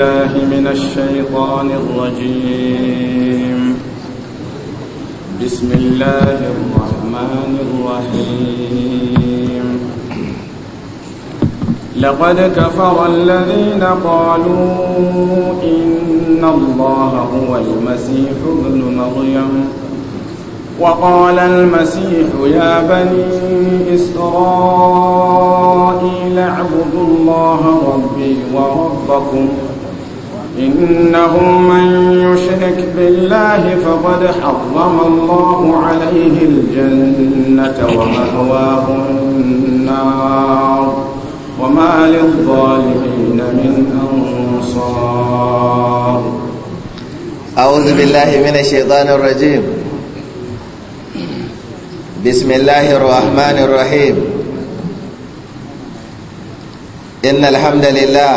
الله من الشيطان الرجيم بسم الله الرحمن الرحيم لقد كفر الذين قالوا إن الله هو المسيح ابن مريم وقال المسيح يا بني إسرائيل اعبدوا الله ربي وربكم إنه من يشرك بالله فقد حرم الله عليه الجنة ومأواه النار وما للظالمين من أنصار أعوذ بالله من الشيطان الرجيم بسم الله الرحمن الرحيم إن الحمد لله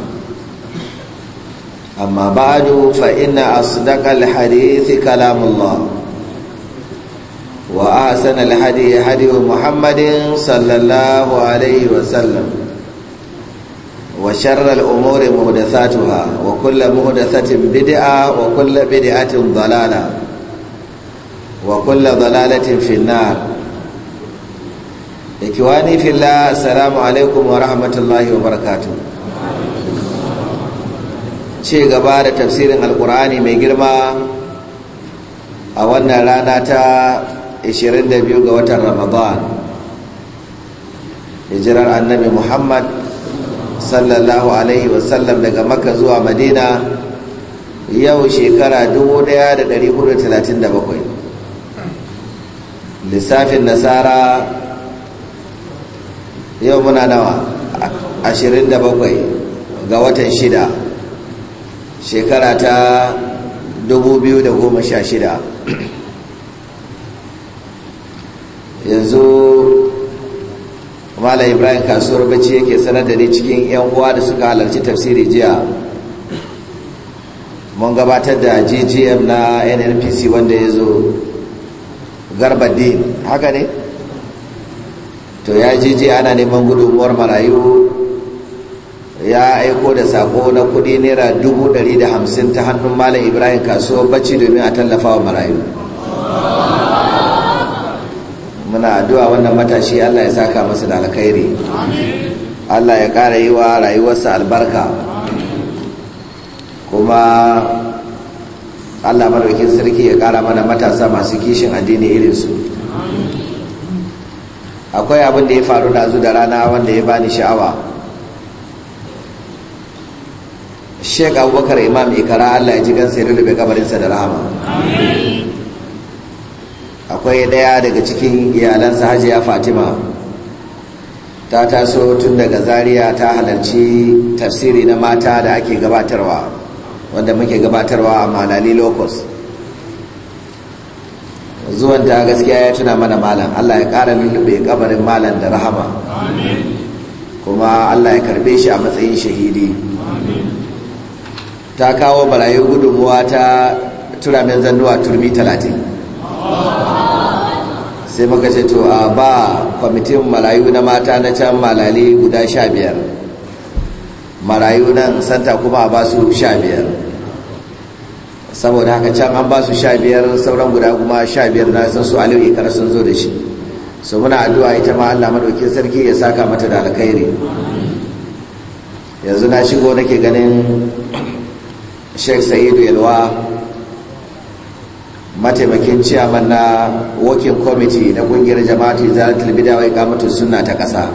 amma ba da fa ina a sadaka alhadithi kalamullah wa a sanar alhadithi hadithi muhammadin sallallahu alaihi wasallam wa sharar umuri muhdasatuwa wa kulla muhdasatin bid'a wa kulla bid'atin dalala wa kulla dalalatin finnar da kiwani fila assalamu alaikum wa rahmatullahi wa barakatuhu ce gaba da tafsirin alkur'ani mai girma a wannan rana ta 22 ga watan ramadan hijirar annabi muhammad sallallahu alaihi wasallam daga makka zuwa madina yau shekara 1437 lissafin nasara yau muna nawa 27 ga watan shida shekara ta 2016 yanzu Malam ibrahim kasuwar bacci yake sanar da ni cikin 'yan uwa da suka halarci tafsiri jiya mun gabatar da ggm na nnpc wanda ya zo garbadin haka ne to ya jijiya ana neman gudunmuwar marayu ya aiko da sako na kudi naira dubu ɗari da hamsin ta hannun malam ibrahim kasuwar bacci domin a tallafa wa marayu muna addu'a wannan matashi allah ya saka masa da alkhairi allah ya ƙara yi wa rayuwarsa albarka kuma allah maraukin sarki ya kara mana matasa masu kishin addini irinsu akwai abin da ya faru da zu da rana wanda ya bani sha'awa Sheikh Abubakar Imam Ikara Allah ya ji gan sai rubbe kabarinsa da rahama akwai daya daga cikin iyalansa Hajiya Fatima ta taso tun daga Zariya ta halarci tafsiri na mata da ake gabatarwa wanda muke gabatarwa a Malali Locus zuwan ta gaskiya ya tuna mana malam Allah ya kara lullube kabarin malam da rahama kuma Allah ya karbe shi a matsayin shahidi ta kawo barayi gudunmuwa ta turamin zanduwa turmi talatin sai muka ce to a ba kwamitin marayu na mata na can malali guda sha biyar marayu nan santa kuma a ba su sha biyar saboda haka can an ba su sha biyar sauran guda kuma sha biyar na san su aliyu ikar sun zo da shi so muna addu'a ita ma allah madaukin sarki ya saka mata da alkhairi yanzu na shigo nake ganin sheikh sa'idu yalwa mataimakin ciyaman na working committee na kungiyar jama'atu zalatul talbida wa iqamatu suna ta kasa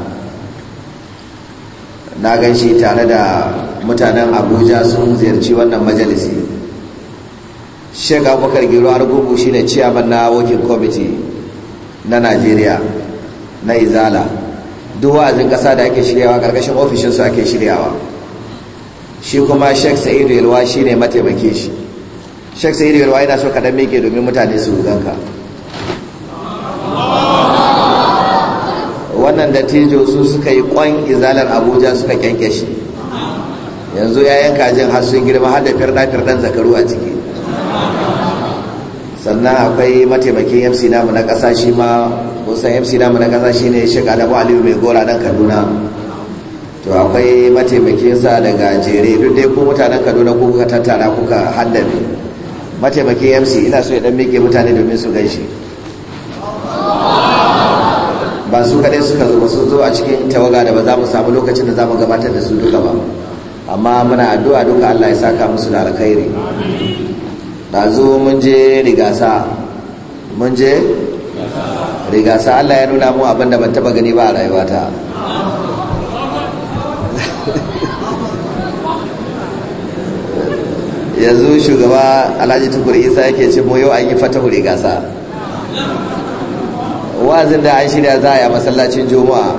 na gan shi tare da mutanen abuja sun ziyarci wannan majalisi sheikh abubakar giro shi ne ciyaman na working committee na nigeria na izala duk wa'azin kasa da ake shiryawa karkashin ofishinsu ake shiryawa shi kuma Sheikh Sa'idu Yalwa shine mataimake shi Sheikh Sa'idu Yalwa yana so kadan mike domin mutane su ganka wannan dattijo su suka yi kwan izalar Abuja suka kyanke shi yanzu yayan kajin har sun girma har da firda firdan zakaru a ciki sannan akwai mataimakin MC namu na kasa shi ma kusan MC namu na kasa shine shiga Adamu Aliyu mai gora nan Kaduna to akwai mataimakinsa daga jere duk dai ko mutanen kaduna ko kuka tattara kuka haddabe mataimakin mc ina so ya dan mike mutane domin su gan shi ba su kaɗai suka zo ba sun zo a cikin tawaga da ba za mu samu lokacin da za mu gabatar da su duka ba amma muna addu'a duka allah ya saka musu da alkhairi ɗazu mun je rigasa mun je rigasa allah ya nuna mu abin da ban taɓa gani ba a rayuwata yanzu shugaba alhaji tukur isa yake ce mu yau an yi hure gasa wazin da an shirya za a yi a masallacin juma'a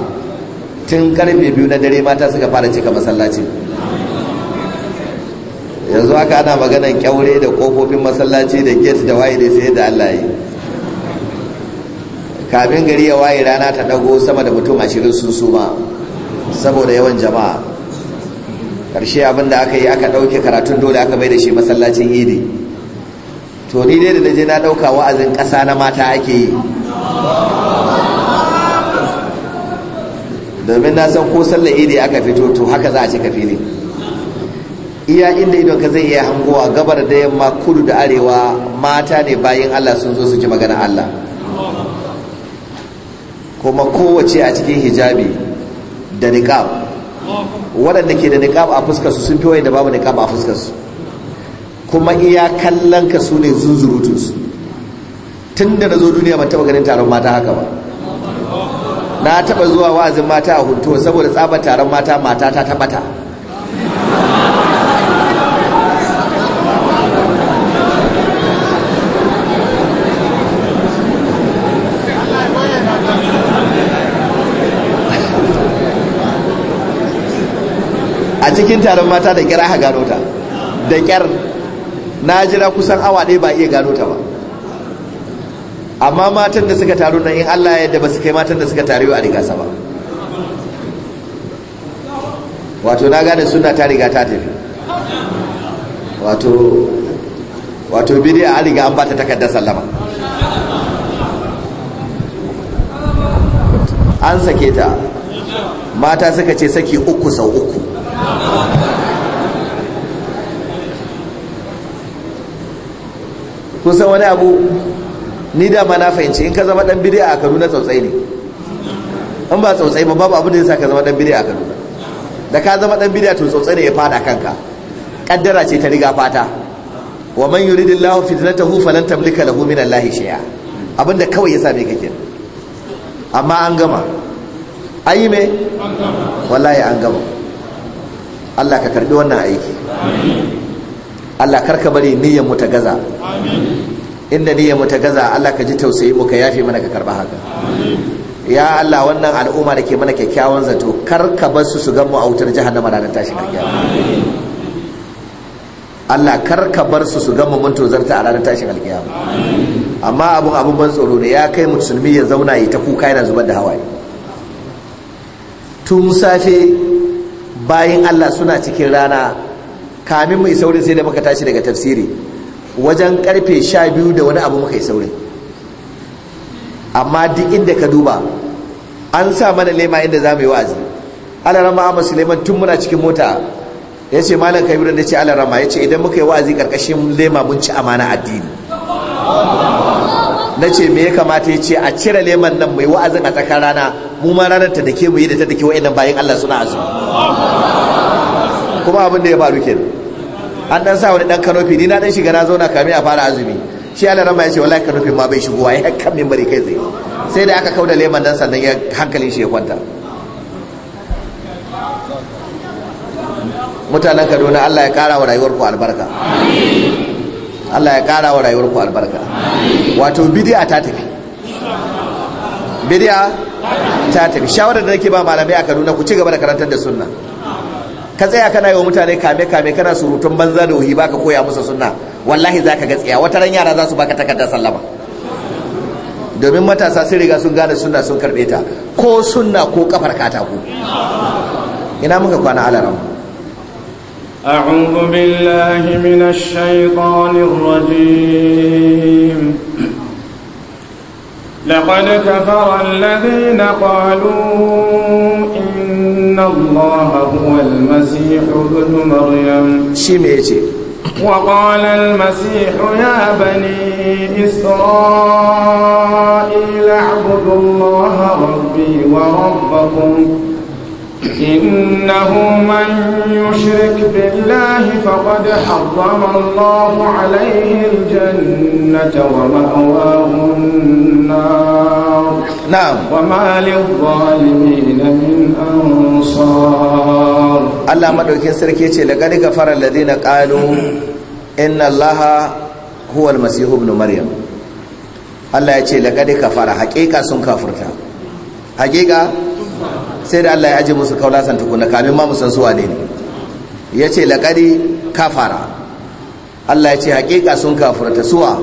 tun karfe biyu na dare mata suka fara cika masallacin yanzu haka ana maganan kyaure da kofofin masallaci da gate da waye da sai da allah yi kafin gari ya waye rana ta dago sama da mutum ashirin sun suma saboda yawan jama'a karshe abin da aka yi aka ɗauke karatun dole aka bai da shi masallacin idi to ni dai da je na dauka wa'azin kasa na mata ake yi domin na san ko sallar idi aka fito to haka za a cika fili iya inda idon ka zai iya hangowa gabar da yamma kudu da arewa mata ne bayan allah sun zo su ji magana allah kuma kowace a cikin hijabi da niqab waɗanda ke da niqab a fuskar su sun fi wayanda babu niqab a fuskar su kuma iya kallon ka su ne zunzurutun su tun da na zo duniya ban taɓa ganin taron mata haka ba na taɓa zuwa wa'azin mata a huntuwa saboda tsabar taron mata mata ta taɓata cikin taron mata da kyar aka gano ta da kyar na jira kusan awa ɗaya ba iya gano ta ba amma matan da suka taru nan in Allah ya yadda ba su kai matan da suka taru a rigasa ba wato na gane suna ta riga ta tafi wato wato bidiya an riga an bata takardar sallama an sake ta mata suka ce saki uku sau uku kusan wani abu ni dama na fahimci in ka zama dan bidi a kaduna tsautsai ne in ba tsautsai ba babu abu da yasa ka zama dan bidi a kaduna da ka zama dan bidi to tsautsai ne ya fada kanka kaddara ce ta riga fata wa man yuridillahu fitnatahu falan tamlika lahu min allahi shay'a abinda kawai yasa same kake amma an gama ayi me wallahi an gama Allah ka karbi wannan aiki Allah karka bari niyyar mu ta gaza inda niyyar mu ta gaza Allah ka ji tausayi mu ka yafe mana ka karba haka ya Allah wannan al'umma da ke mana kyakkyawan zato karka bar su su gan mu a wutar jahannama ranar tashin alkiyama Allah kar ka bar su su gama mun tozarta a ranar tashin alkiyama amma abun abun ban tsoro ne ya kai musulmi ya zauna yi ta kuka yana zubar da hawaye tun safe Bayan Allah suna cikin rana kamin mu saurin sai da muka tashi daga tafsiri wajen karfe sha biyu da wani abu muka yi saurin amma duk inda ka duba an sa mana lema inda za mu yi wa'azi alarama amma suleiman tun muna cikin mota ya ce malam kabiru da ce alarama ya ce idan muka yi wa'azi karkashin lema mun ci amana addini na ce me ya kamata ya ce a cire leman nan mai wa'azin a tsakar rana mu ma ranar ta dake mu yi da ta dake wa'annan bayan Allah suna azu kuma abin da ya faru ke an dan sa wani dan kanofi ni na dan shiga na zauna kame a fara azumi shi Allah rama ya ce wallahi kanofin ma bai shigo ya kan minbari kai tsaye sai da aka kauda leman dan sannan ya hankalin shi ya kwanta mutanen Kaduna Allah ya kara wa rayuwarku albarka amin Allah ya ƙara wa rayuwar ku albarka wato bidiya ta tafi bidiya ta tafi shawarar da nake ba malamai a Kaduna ku ci gaba da karantar da sunna ka tsaya kana yi wa mutane kame kame kana surutun banza da wuhi baka koya musu sunna wallahi zaka ga tsiya wata ran yara za su baka takarda sallama domin matasa sun riga sun gane sunna sun karbe ta ko sunna ko kafar katako ina muka kwana alaramu أعوذ بالله من الشيطان الرجيم لقد كفر الذين قالوا إن الله هو المسيح ابن مريم شميتي وقال المسيح يا بني إسرائيل اعبدوا الله ربي وربكم إنه من يشرك بالله فقد حرم الله عليه الجنة ومأواه النار نعم وما للظالمين من أنصار الله ما دوكين سركيتي لقد غفر الذين قالوا إن الله هو المسيح ابن مريم الله يقول لقد كفر حقيقة سن كفرتا حقيقة sai da Allah ya aje musu san tukuna kamin ma musan suwa ne ya ce laƙari kafara Allah ya ce haƙiƙa sun kafurta suwa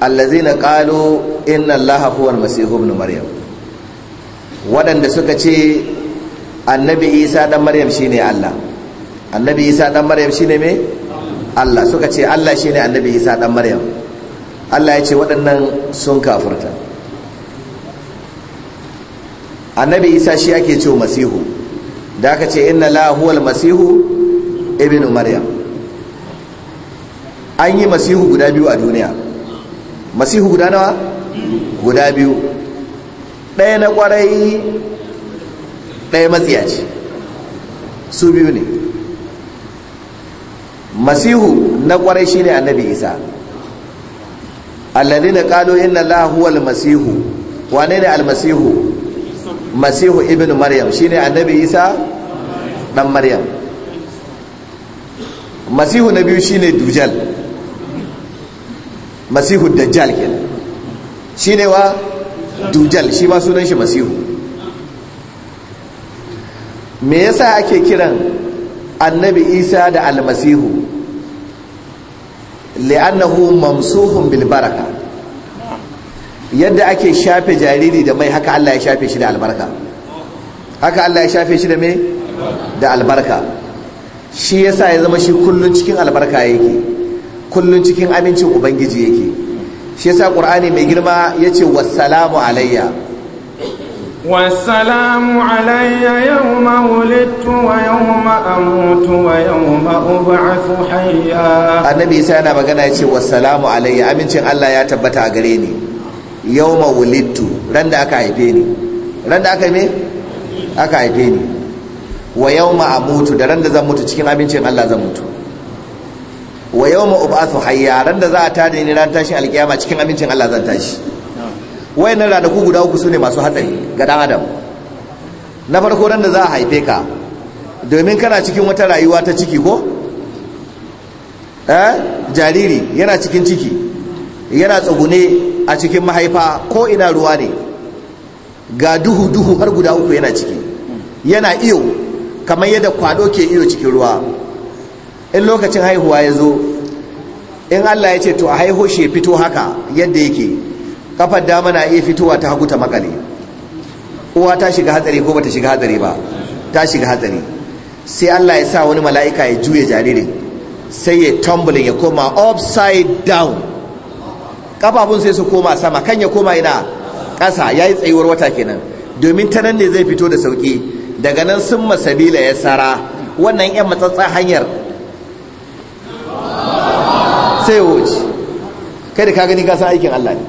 allazi na ƙalo inna Allah huwar masihu ibn maryam waɗanda suka ce annabi isa ɗan maryam shine Allah annabi isa ɗan maryam shine me Allah suka ce Allah shine annabi isa ɗan maryam Allah ya ce waɗannan sun kafurta annabi isa shi ake ce masihu da aka ce inna la huwal masihu ibnu maryam an yi masihu guda biyu a duniya masihu guda nawa guda biyu ɗaya na ƙwarai ɗaya matsiyaci su biyu ne masihu na ƙwarai ne annabi isa alladina qalu inna allaha huwal masihu wane ne almasihu masihu ibn maryam shine annabi isa dan maryam masihu na biyu shine dujal masihu dajjal kenan shine wa dujal shi ma sunan shi masihu me yasa ake kiran annabi isa da almasihu li'annahu mamsuhun bil baraka yadda ake shafe jariri da mai haka Allah ya shafe shi da albarka haka Allah ya shafe shi da mai? da albarka shi yasa ya zama shi kullun cikin albarka yake kullun cikin amincin ubangiji yake shi yasa qur'ani mai girma yace wassalamu alayya alayya wa والسلام علي يوم ولدت ويوم hayya annabi sai yana magana سيدنا مغانا alayya amincin Allah ya tabbata a gare ni. yawma wulittu ran da aka haife ni ran da aka yi aka haife ni wa yawma amutu da ran da zan mutu cikin abincin Allah zan mutu wa yawma ub'athu hayya ran da za a tare ni ran tashi alkiyama cikin abincin Allah zan tashi wayannan ranaku guda uku sune masu hatsari ga dan adam na farko ran da za a haife ka domin kana cikin wata rayuwa ta ciki ko eh jariri yana cikin ciki yana tsagune a cikin mahaifa ko ina ruwa ne ga duhu duhu har guda uku yana ciki yana iyo kamar yadda kwado ke iyo cikin ruwa in lokacin haihuwa ya zo in Allah ya ce to a haihu shi fito haka yadda yake kafar dama na iya fitowa ta hagu ta makale uwa ta shiga hatsari ko bata shiga hatsari ba ta shiga hatsari sai Allah ya sa wani mala'ika ya juya jaririn sai ya tumbling ya koma upside down kafafun sai su koma sama kan ya koma ina ƙasa yi tsayuwar wata kenan domin ta nan ne zai fito da sauki daga nan sun masabila ya sara wannan yan matsatsa hanyar sai wuce kai da ka gani ka san aikin Allah ne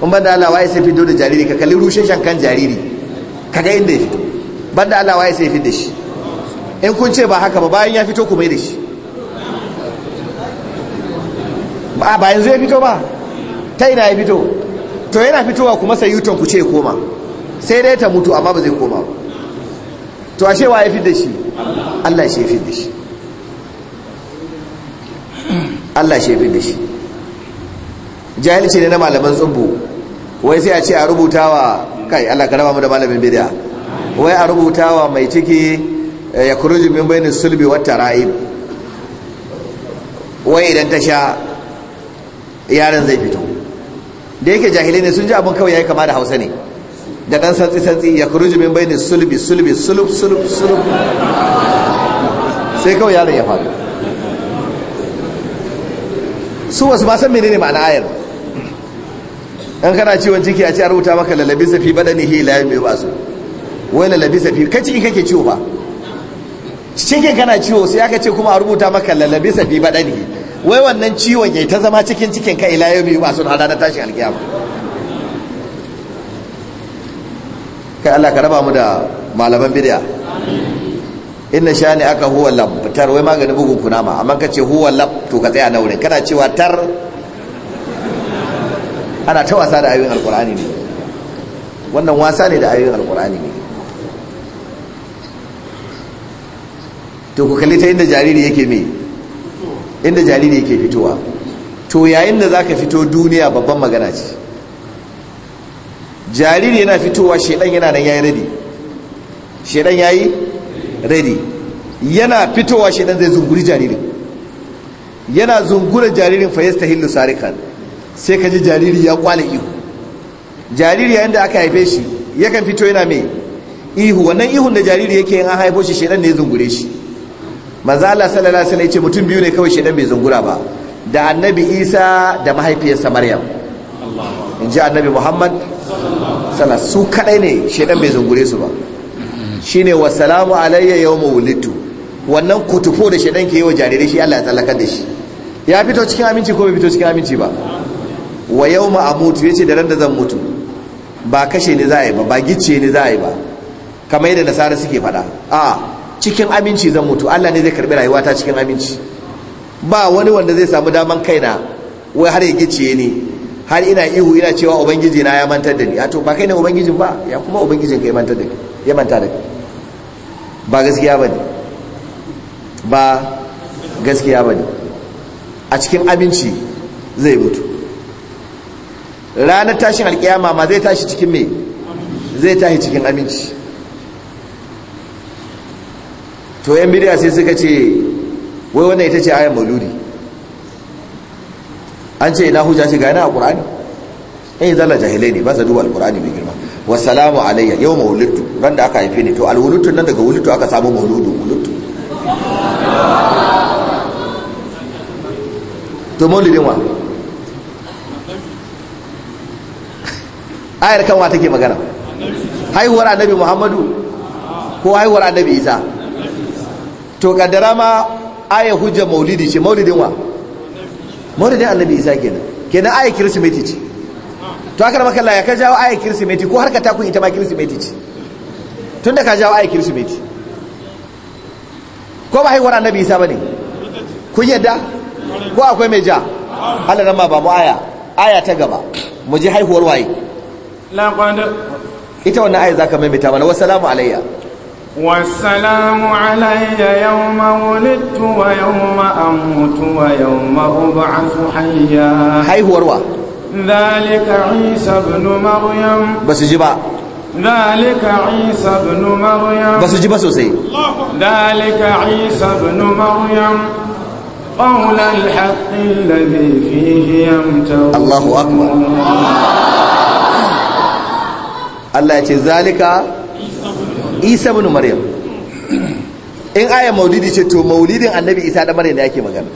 kun banda Allah waye sai fito da jariri ka kalli rushe shankan jariri ka ga inda ya fito banda Allah waye sai fito da shi in kun ce ba haka ba bayan ya fito ku mai da shi ba ba yanzu ya fito ba ta ina ya fito to yana fitowa kuma sai yuton ku ce koma sai dai ta mutu amma ba zai koma ba to a shewa ya fi da shi Allah shi ya fi da shi Allah shi ya fi da shi jahilci ne na malaman tsubbu wai sai a ce a rubuta wa kai Allah ka raba mu da malamin bidiya wai a rubuta wa mai ciki eh, ya kuruji min bayanin sulbi wata ra'ib wai idan ta sha yaran zai fito da yake jahilai ne sun ji abin kawai yi kama da hausa ne da ɗan santsi santsi ya jimin min ne sulubi sulubi sulub sulub sulub sai kawai yaron ya faru su wasu ba san menene ma'ana ayar an kana ciwon ciki a ci a rubuta maka lalabi safi badani hi layan yami ba su wai lalabi safi kai ciki kake ciwo ba cikin kana ciwo sai aka ce kuma a rubuta maka lallabi sabi baɗani wai wannan ciwon ya ta zama cikin cikin ka ila yau biyu masu hada na tashin alkiyama kai Allah ka raba mu da malaman bidiya inna shani aka huwa lab tar wai maganin bugun kunama amma ka ce huwa lab to ka tsaya na wurin kana cewa tar ana ta wasa da ayoyin alkur'ani ne wannan wasa ne da ayoyin alkur'ani ne to ku kalli ta inda jariri yake me inda jariri yake fitowa to yayin da zaka fito duniya babban magana ce jariri yana fitowa shedan yana nan yayi ready shedan yayi ready yana fitowa shedan zai zunguri jariri yana zungura jaririn fa yastahillu sarikan sai ka ji jariri ya kwala ihu jariri yayin da aka haife shi yakan fito yana mai ihu wannan ihun da jariri yake yin an haifo shi shedan ne zungure shi maza Allah sallallahu alaihi wasallam yace mutum biyu ne kawai shedan bai zungura ba da annabi Isa da mahaifiyarsa Maryam in ji annabi Muhammad sallallahu su kadai ne shedan bai zungure su ba shine wa salamu alayya yawma wulidtu wannan kutufo da shedan ke yi wa jarire shi Allah ya tsallaka da shi ya fito cikin aminci ko bai fito cikin aminci ba wa yawma amutu yace da ran da zan mutu ba kashe ni za a yi ba ba gicce ni za a yi ba kamar yadda nasara suke faɗa a cikin aminci zan mutu Allah ne zai karbi rayuwata cikin aminci ba wani wanda zai samu daman kaina wai har ya ciye ni har ina ihu ina cewa ubangiji na ya mantar da ni a to ba kai ne ubangijin ba ya kuma ubangijin ka ya mantar da ni ya manta da ni ba gaskiya ba gaskiya a cikin aminci zai mutu ranar tashin alkiyama ma zai tashi cikin me zai tashi cikin aminci to yan bidiya sai suka ce wai wannan ita ce ayan mauludi an ce ina hujja ce ga yana a ƙur'ani in zalla jahilai ne ba sa duba alƙur'ani mai girma wasalamu alayya yau mawulittu ran da aka haife ni to alwuluttu nan daga wuluttu aka samu mauludu wuluttu to maulidin wa ayar kanwa take magana haihuwar annabi muhammadu ko haihuwar annabi isa to kaddara ma aya hujja maulidi ce maulidin wa maulidin annabi isa kenan kenan aya kirsimeti ce to haka maka Allah ya ka jawo aya kirsimeti ko harka ta kun ita ma kirsimeti ce tunda ka jawo aya kirsimeti ko ba haihuwar annabi isa bane kun yadda ko akwai mai ja Allah nan ma ba mu aya aya ta gaba mu ji haihuwar waye ita wannan aya zaka maimaita mana salamu alayya والسلام علي يوم ولدت ويوم أموت ويوم أبعث حيا هاي هو روى ذلك عيسى بن مريم بس جبا ذلك عيسى بن مريم بس جبا سوسي ذلك عيسى بن مريم قول الحق الذي فيه يمترون الله أكبر الله يتي ذلك isa bin maryam in aya maulidi ce to maulidin annabi isa da maryam da yake magana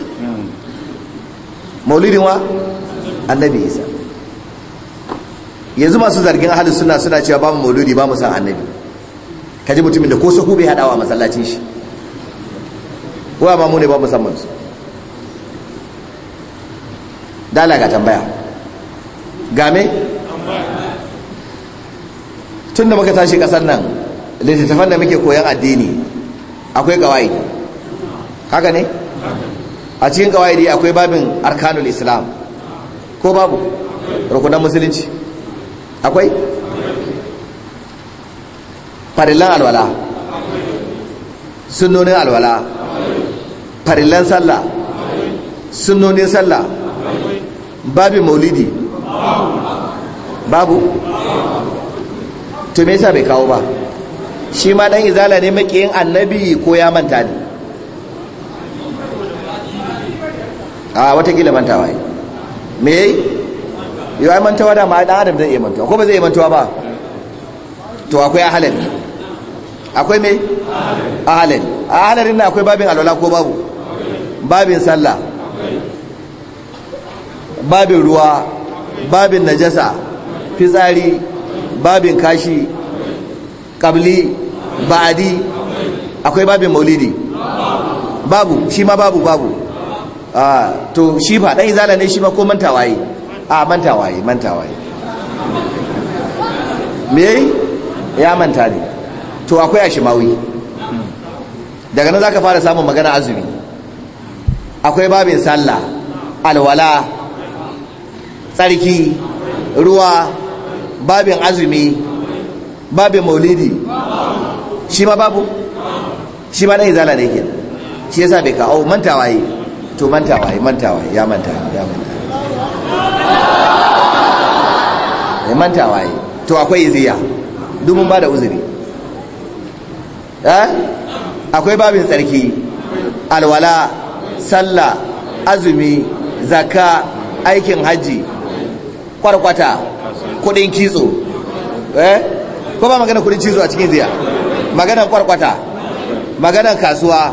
maulidin wa annabi isa yanzu masu zargin ahalin suna suna cewa ba mu maulidi ba mu san annabi ka ji mutumin da ko sahu bai hadawa masallacin shi kowa ma mu ne ba mu san su dala ga tambaya game tun da muka tashi kasar nan littattafan da muke koyan addini akwai kawai haka ne a cikin kawai akwai babin arkanul islam ko babu rukunan musulunci akwai farillan alwala sunnonin alwala farillan sallah sunnonin sallah babin maulidi babu to me yasa bai kawo ba shi ma dan izala ne yin annabi ko ya manta ne a watakila mantawa yi me yi yi wa mantawa da ma dan adam zai iya mantawa ko ba zai iya mantawa ba to akwai ahalar akwai me ahalar ahalarin na akwai babin alwala ko babu babin sallah babin ruwa babin najasa fitsari babin kashi kabli ba'adi akwai babin maulidi babu shi ma babu babu to shi ba dan izala ne shi ma ko mantawaye a mantawaye mantawaye me ya manta ne to akwai ashimawi daga nan zaka fara samun magana azumi akwai babin sallah alwala tsarki ruwa babin azumi babin maulidi shi ma babu shi ma dai izala ne yake shi yasa bai kawo oh, mantawa yi to mantawa yi mantawa ya manta ya manta ya mantawa yi to akwai iziya dumin ba da uzuri eh? akwai babin tsarki alwala sallah azumi zaka aikin hajji kwarkwata kudin kitso eh ko ba magana kudin kitso a cikin ziya maganan kwarkwata maganan kasuwa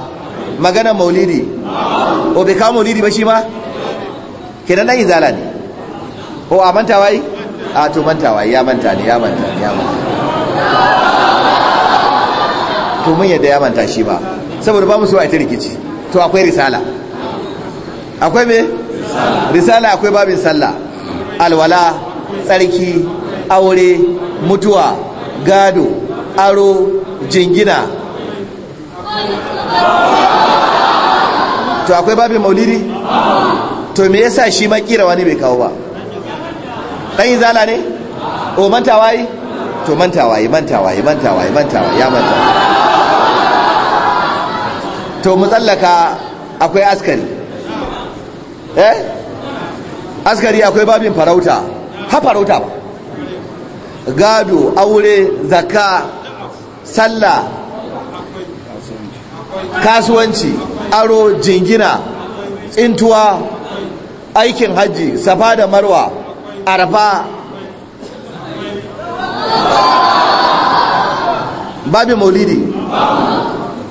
maganan maulidi o bai kawo maulidi ba shi ma kenan nan izala ne o a manta yi a to mantawa ya manta ne ya manta ne ya manta to mun yadda ya manta shi ba saboda ba musu wa'ita ita rikici to akwai risala akwai me risala akwai babin sallah alwala tsarki aure mutuwa gado aro jingina to akwai babin maulidi to me yasa shi ma kira wani bai kawo ba dan zala ne o mantawa yi to mantawa yi mantawa yi mantawa yi mantawa ya manta to mu tsallaka akwai askari eh askari akwai babin farauta ha farauta ba gado aure zakka sallah kasuwanci aro jingina tsintuwa aikin hajji safa da marwa arafa babu maulidi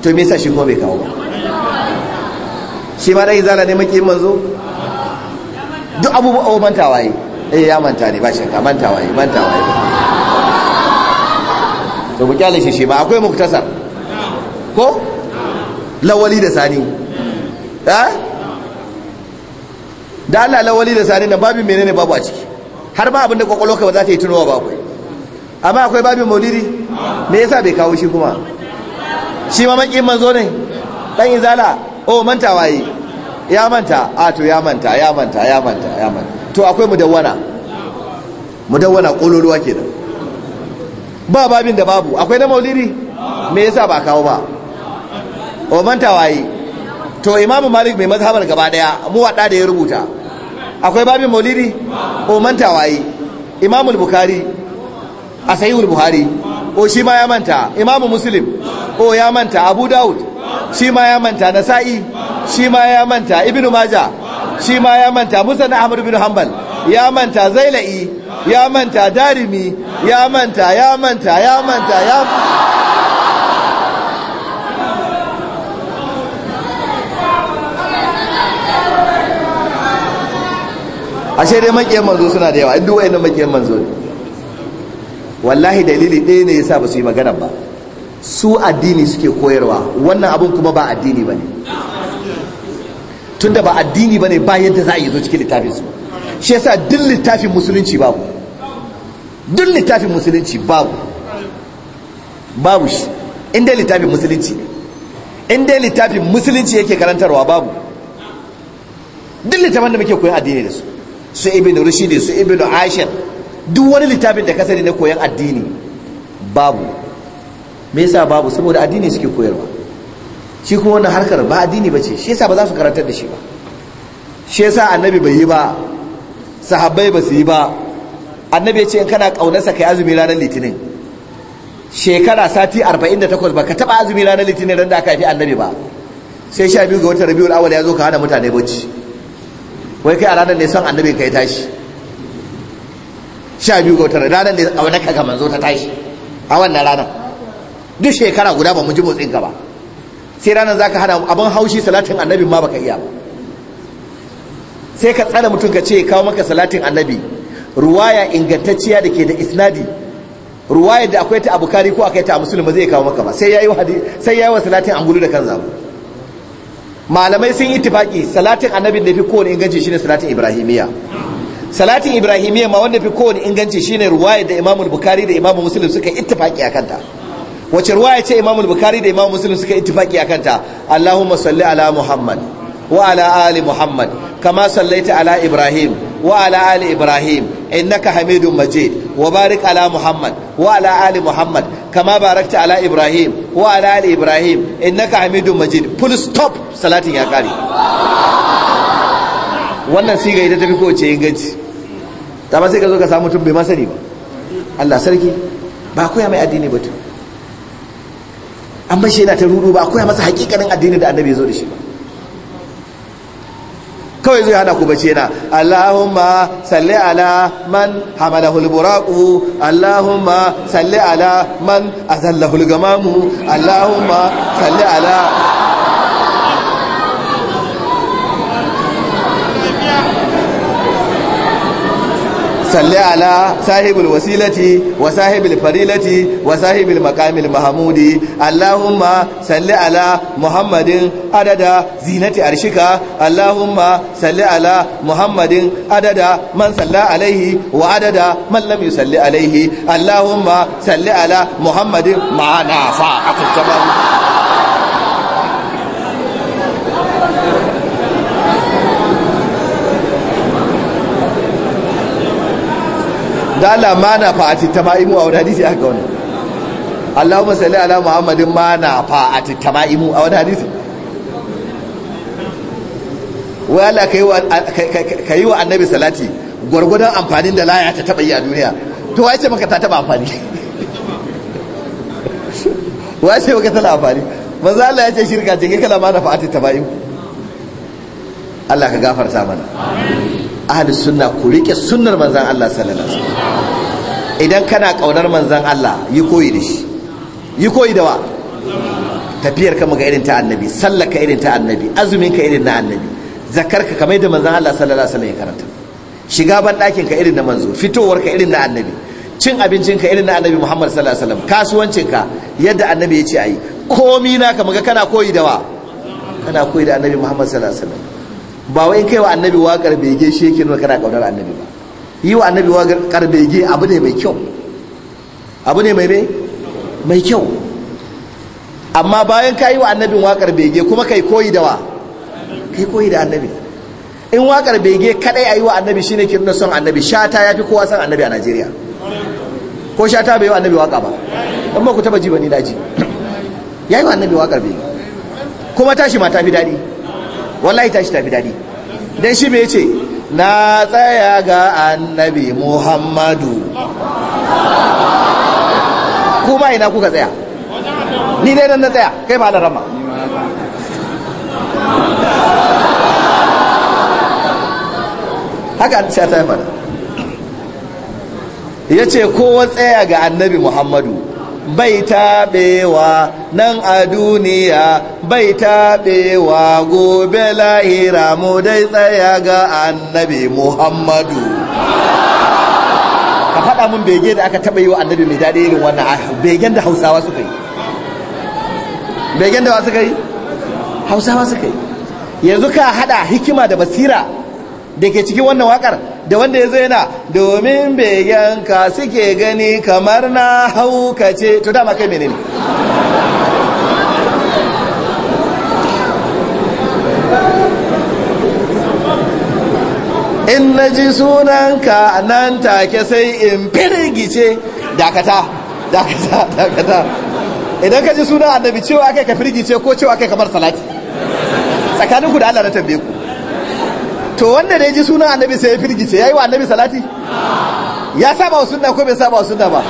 to me yasa shi kome kawo shi ma dai zana ne maki manzo duk abubuwa oh, mantawa yi eh ya manta ne ba ka, mantawa yi mantawa yi da ku kyale shi shi ba akwai muktasar ko lawali da sani eh? da Allah lawali da sani na babin menene babu a ciki har ba abinda kwakwalwa ka ba za ta yi tunowa ba akwai amma akwai babin maulidi me yasa bai kawo shi kuma shi ma makin manzo ne dan izala o oh, manta waye ya manta a to ya manta ya manta ya manta ya manta to akwai mudawwana mudawwana kololuwa kenan ba babin da babu akwai na maulidi me yasa ba kawo ba wa manta waye to imamu malik mai mazhabar gaba daya mu wada da ya rubuta akwai babin maulidi o manta waye imamu bukhari a sahihul buhari o shi ma ya manta imamu muslim o ya manta abu daud shi ma ya manta nasa'i shi ma ya manta ibnu maja shi ma ya manta musa na ahmad bin hanbal ya manta zailai ya manta darimi ya manta ya manta ya manta ya ashe dai makiyar manzo suna da yawa duk wayannan makiyar manzo ne wallahi dalili ɗaya ne ya sa ba su yi magana ba su addini suke koyarwa wannan abun kuma ba addini bane tunda ba addini bane ba yadda za a yi zo cikin littafin shi yasa duk littafin musulunci babu duk littafin musulunci babu babu shi inda yi littafin musulunci inda yi littafin musulunci yake karantarwa babu duk littafin da muke koyan addini da su su ibn rushdi su ibn ashir duk wani littafin da ka sani na koyan addini babu me yasa babu saboda addini suke koyarwa shi kuma wannan harkar ba addini bace shi yasa ba za su karantar da shi ba shi yasa annabi bai yi ba sahabbai ba su yi ba annabi ya ce in kana kaunarsa kai azumi ranar litinin shekara sati 48 ba ka taba azumi ranar litinin ran da aka haifi annabi ba sai sha biyu ga wata rabiul awal ya zo ka hana mutane bacci wai kai a ranar ne son annabi kai tashi sha biyu ga wata ranar ne a wani kaga manzo ta tashi a wannan ranar duk shekara guda ba mu ji motsin ka ba sai ranar zaka hana abin haushi salatin annabi ma baka iya ba sai ka tsara mutum ka ce kawo maka salatin annabi ruwaya ingantacciya da ke da isnadi ruwaya da akwai ta abukari ko akwai ta a musulun ba zai kawo maka ba sai yayi hadi sai yayi wa salatin gudu da kan zabu malamai sun yi tifaki salatin annabi da fi kowane inganci shine salatin ibrahimiya salatin ibrahimiya ma wanda fi kowane inganci shine ruwaya da imamul bukari da imamul musulun suka ittifaki akan ta wace ruwaya ce imamul bukari da imamul musulun suka ittifaki akan ta allahumma salli ala muhammad وعلى آل محمد كما صليت على إبراهيم وعلى آل إبراهيم إنك حميد مجيد وبارك على محمد وعلى آل محمد كما باركت على إبراهيم وعلى آل إبراهيم إنك حميد مجيد فول ستوب salatin يا kare. wannan siga ita tafi kowace inganci ta ba sai ka zo ka samu tun bai masani ba Allah sarki ba koya mai addini ba tun an bashi yana ta rudu ba koya masa hakikanin addini da annabi ya zo da shi ba kawai zai hana ku bace na Allahumma salli ala man hamalahul buraqu Allahumma salli ala man azallahul gamamu Allahumma salli ala salli ala sahibul wasilati wa sahibul farilati wa sahibul maqamil mahmudi allahumma salli ala muhammadin adada zinati arshika allahumma salli ala muhammadin adada man salla alaihi wa adada man lam yusalli alaihi allahumma salli ala muhammadin ma'ana fa'atul tamam da Allah mana fa a tama'imu a wani hadisi aka wani Allahumma salli ala Muhammadin mana fa a tama'imu a wani hadisi wai Allah ka yi wa annabi salati gwargwadon amfanin da laya ta taba yi a duniya to wai ce maka ta taba amfani wai ce maka ta amfani za Allah ya ce shirka ce kala kana mana fa a tama'imu Allah ka gafarta mana amin ahli sunna ku rike sunnar manzan Allah sallallahu alaihi wasallam idan kana kaunar manzan Allah yi koyi da shi yi koyi da wa tafiyar ka ga irin ta annabi sallaka ka irin ta annabi azumin ka irin na annabi zakar ka kamar da manzan Allah sallallahu alaihi wasallam ya karanta shiga ban ɗakin ka irin na manzo fitowar ka irin na annabi cin abincin ka irin na annabi Muhammad sallallahu alaihi wasallam kasuwancin ka yadda annabi ya ce ayi komi na ka ga kana koyi da wa kana koyi da annabi Muhammad sallallahu alaihi wasallam ba wai kai wa annabi waƙar bege shi yake nuna kana ƙaunar annabi ba yi wa annabi waƙar bege abu ne mai kyau abu ne mai mai kyau amma bayan ka yi wa annabi waƙar bege kuma kai koyi da wa kai koyi da annabi in waƙar bege kadai a yi wa annabi shine ke nuna son annabi shata ya fi kowa son annabi a najeriya ko shata bai yi wa annabi waƙa ba in ba ku taɓa ji ba ni daji ya yi wa annabi waƙar bege kuma tashi ma ta fi daɗi wallahi tashi tafi daɗi dan shi mai ce na tsaya ga annabi muhammadu kuma ina kuka tsaya ni ne dan na tsaya kai ba da rama haka an ta yi fada ya ce kowa tsaya ga annabi muhammadu bai taɓewa nan a duniya bai taɓewa gobe lahira mu dai tsaya ga annabi muhammadu ka faɗa mun bege da aka taɓa yi wa annabi mai daɗi irin wannan begen da hausawa suka yi begen da wa suka yi hausawa suka yi yanzu ka haɗa hikima da basira da ke cikin wannan wakar da wanda ya zai yana domin begenka suke gani kamar na haukace to dama kai menene in na ji sunanka nan take sai in firgice dakata dakata dakata idan ka ji sunan annabi cewa kai ka firgice ko cewa kai kamar salati tsakaninku da Allah na tambaye ku to wanda da ya ji sunan annabi sai ya firgice ya yi wa annabi salati ya saba wa sunna ko bai saba wa sunna ba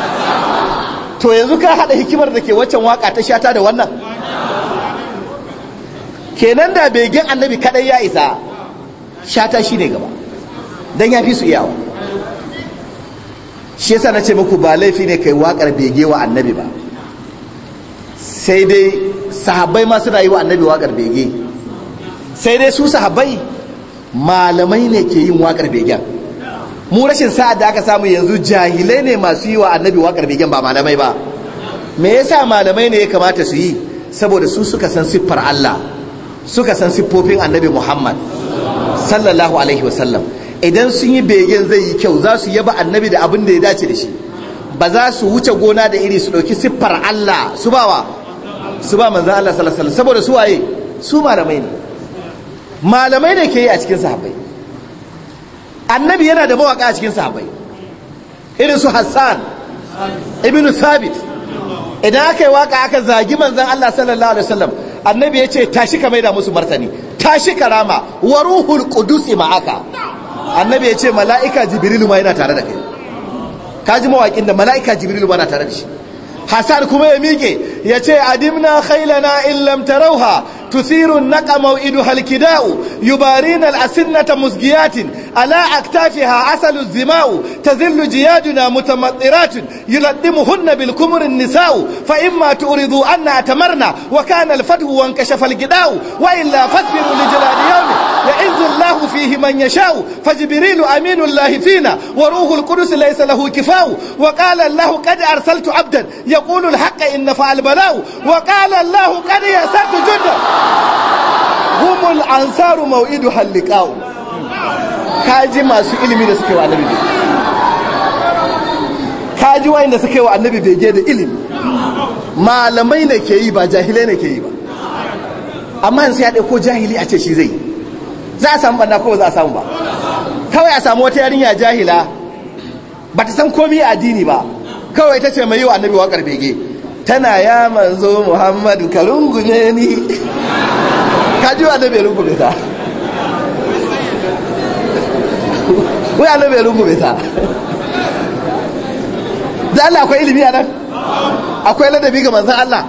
to yanzu ka haɗa hikimar da ke waccan waka ta shata da wannan kenan da begen annabi kadai ya isa shata shi ne gaba don ya fi su iyawa shi yasa na ce muku ba laifi ne kai wakar bege wa annabi ba sai dai sahabbai ma suna yi wa annabi wakar bege sai dai su sahabbai malamai ne ke yin waƙar begen mu rashin sa'ad da aka samu yanzu jahilai ne masu yi wa annabi waƙar begen ba malamai ba me yasa malamai ne ya kamata su yi saboda su suka san siffar Allah suka san siffofin annabi Muhammad sallallahu alaihi wasallam idan sun yi begen zai yi kyau za su yaba annabi da abin da ya dace da shi ba za su wuce gona da iri su ɗauki siffar Allah su bawa su ba manzan Allah sallallahu alaihi wasallam saboda su waye su malamai ne malamai ne ke yi a cikin sahabai annabi yana da mawaka a cikin sahabai irin su hassan ibn sabit idan aka yi waka aka zagi manzan allah sallallahu alaihi wasallam annabi ya ce tashi ka maida musu martani tashi ka rama wa ruhul qudusi ma'aka annabi ya ce mala'ika jibrilu ma yana tare da kai kaji mawaƙin da mala'ika jibrilu ma na tare da shi hassan kuma ya miƙe ya ce adimna khailana in lam tarauha تثير النقى موئدها الكداء يبارين الأسنة مزجيات على أكتافها عسل الزماء تذل جيادنا متمطرات يلدمهن بالكمر النساء فإما تؤرضوا أن أتمرنا وكان الفتح وانكشف الجداء وإلا فاصبروا لجلال يوم يعز الله فيه من يشاء فجبريل أمين الله فينا وروح القدس ليس له كفاء وقال الله قد أرسلت عبدا يقول الحق إن فعل بلاء وقال الله قد يسرت جدا humul ansaru mau'idu halliqa'u kaji masu ilimi da suke wa annabi kaji wayanda suke wa annabi bege da ilimi malamai na ke yi ba jahilai na ke yi ba amma yanzu ya ko jahili a ce shi zai za a samu banda ko za a samu ba kawai a samu wata yarinya jahila ba ta san komi addini ba kawai ta ce mai yi wa annabi waƙar bege tana ya manzo muhammadu ka ne ni kaji wa annabi ya ta wai annabi ya rungume ta da Allah akwai ilimi a nan akwai ladabi ga manzan Allah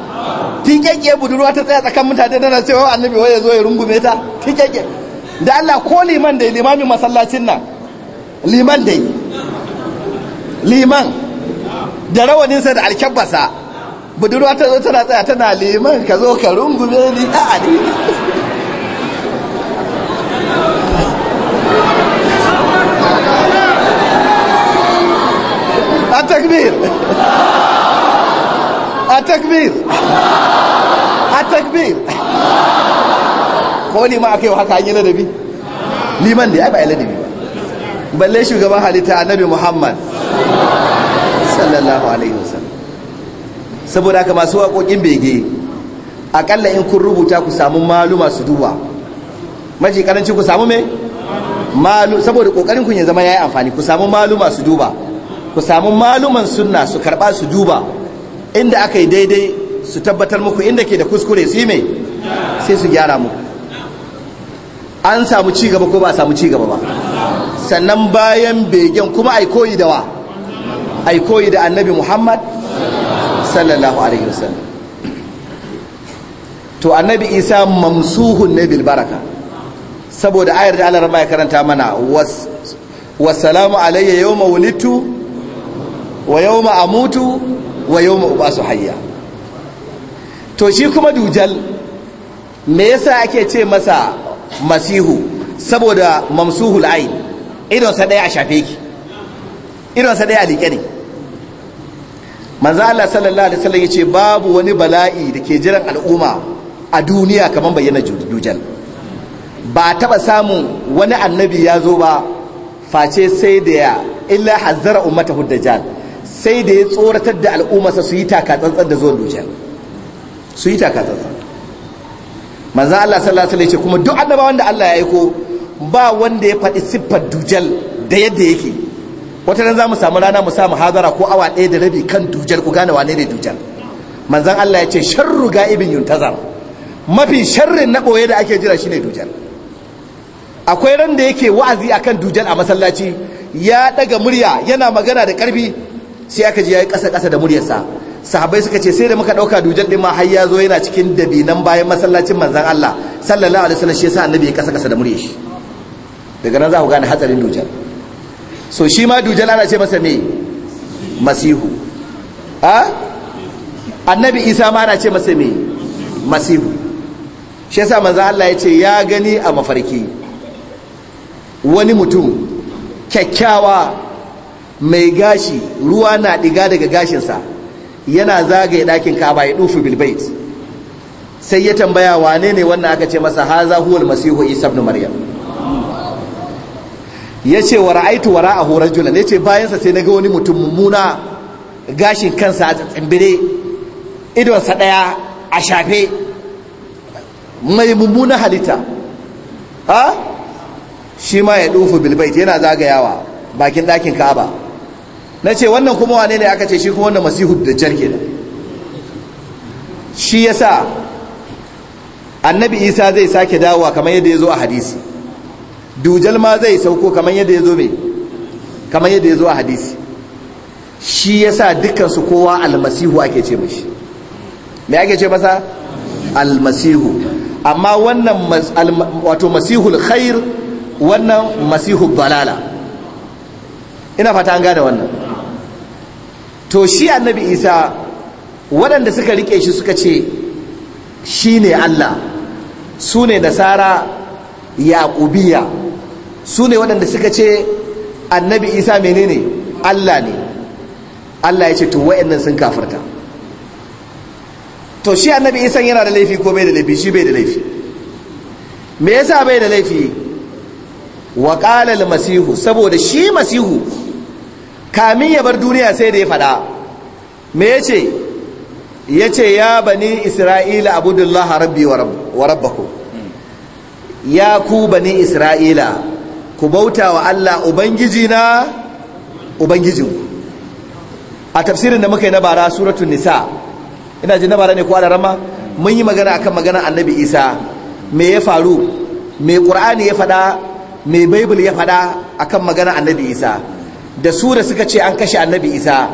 tinkekke budurwa ta tsaya tsakan mutane tana cewa annabi wai ya zo ya rungume ta tinkekke da Allah ko liman da limamin masallacin nan liman dai liman da rawaninsa da alkyabbasa budurwa ta zo tana tsaya tana liman ka zo ka rungume ni a ne a takbir a takbir a takbir ko lima aka yi haka an yi ladabi liman da ya ba yi bi. ba balle shugaban halitta annabi muhammad sallallahu alaihi wasallam saboda haka masu waƙoƙin bege aƙalla in kun rubuta ku samu maluma su duba maji ƙarancin ku samu me malu saboda ƙoƙarin kun ya zama ya yi amfani ku samu maluma su duba ku samu maluman sunna su karɓa su duba inda aka yi daidai su tabbatar muku inda ke da kuskure su yi mai sai su gyara muku an samu ci gaba ko ba a samu ci gaba ba sannan bayan begen kuma ai koyi da wa ai koyi da annabi muhammad sallallahu alaihi wasallam to annabi isa mamsuhun ne bil baraka saboda ayar da Allah ya karanta mana wasalamu alayya yawma wulidtu wa yawma amutu wa yawma ubasu hayya to shi kuma dujal me yasa ake ce masa masihu saboda mamsuhul ayn idan sa daya a shafe ki idan sa daya a liƙe ne manzo Allah sallallahu alaihi wasallam yace babu wani bala'i da ke jiran al'umma a duniya kamar bayyana dujal ba taba samun wani annabi ya zo ba face sai da ya illa hazzara ummata dajjal sai da ya tsoratar da al'ummarsa su yi taka tsantsan da zuwan dujal su yi taka tsantsan manzo Allah sallallahu alaihi wasallam yace kuma duk annabawan da Allah ya aiko ba wanda ya faɗi siffar dujal da yadda yake wata nan za mu samu rana mu samu hadara ko awa ɗaya da rabi kan dujar ku gane wane ne dujar manzan Allah ya ce sharru ga ibin yuntazar mafi sharrin na ɓoye da ake jira ne dujar akwai ran da yake wa'azi akan dujar a masallaci ya ɗaga murya yana magana da karfi sai aka ji yayi ƙasa ƙasa da muryarsa Sahabai suka ce sai da muka ɗauka dujar ɗin ma har ya zo yana cikin dabinan bayan masallacin manzan Allah sallallahu alaihi wasallam shi yasa annabi ya ƙasa ƙasa da muryar shi daga nan za ku gane hatsarin dujar so shi ma dujal ana ce masa me masihu a annabi isa ma ana ce masa me masihu shi yasa manzo Allah ya ce ya gani a mafarki wani mutum kyakkyawa mai gashi ruwa na diga daga gashinsa yana zagaye ɗakin kaba ya dufu bilbait sai ya tambaya wane ne wannan aka ce masa haza huwal masihu isa ibn maryam ya ce wa ra'aitu wara a horar ya ce bayansa sai na ga wani mutum mummuna gashin kansa a tsimbire idonsa ɗaya a shafe mai mummuna halitta ha shi ma ya dufu bilbait yana zagayawa bakin ɗakin ka'aba na ce wannan kuma wane ne aka ce shi kuma wannan masihu da jarke da shi yasa annabi isa zai sake dawowa kamar yadda ya zo a hadisi dujal ma zai sauko kamar yadda ya zo mai kamar yadda ya zo a hadisi shi ya sa dukansu kowa almasihu ake ce mashi me ake ce masa almasihu amma wannan wato masihul khair wannan masihul balala ina fata an gane wannan to shi annabi isa waɗanda suka rike shi suka ce shi ne allah su ne nasara yaƙubiya su ne waɗanda suka ce annabi isa menene allah ne allah ya ce to wa'annan sun kafarta to shi annabi isa yana da laifi ko bai da laifi shi bai da laifi me yasa bai da laifi wa ƙalal masihu saboda shi masihu kamin ya bar duniya sai da ya faɗa. me ya ce? ya ce ya, bani isra'ila abudullahi rabbi wa rabbaku hmm. ya ku bani isra'ila ku bauta wa Allah ubangiji na ubangijinku a tafsirin da muka yi na bara suratun nisa ina ji na bara ne ko rama mun yi magana akan magana annabi isa me ya faru me ƙur'ani ya faɗa me baibul ya faɗa akan magana annabi isa da su da suka ce an kashe annabi isa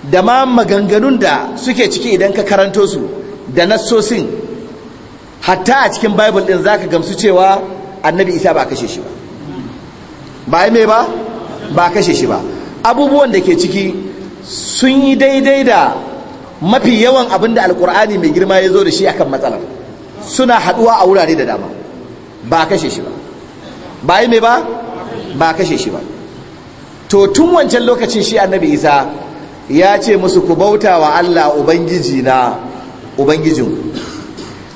da ma maganganun da suke ciki idan ka karanto su da nassosin hatta a cikin baibul ɗin za ka gamsu cewa annabi isa ba kashe shi ba ba yi mai ba ba kashe shi ba abubuwan da ke ciki sun yi daidai da mafi yawan abin da alkur'ani mai girma ya zo da shi akan matsalar suna haduwa a wurare da dama ba kashe shi ba ba yi mai ba ba kashe shi ba to tun wancan lokacin shi annabi isa ya ce musu ku bauta wa allah ubangiji na ubangijin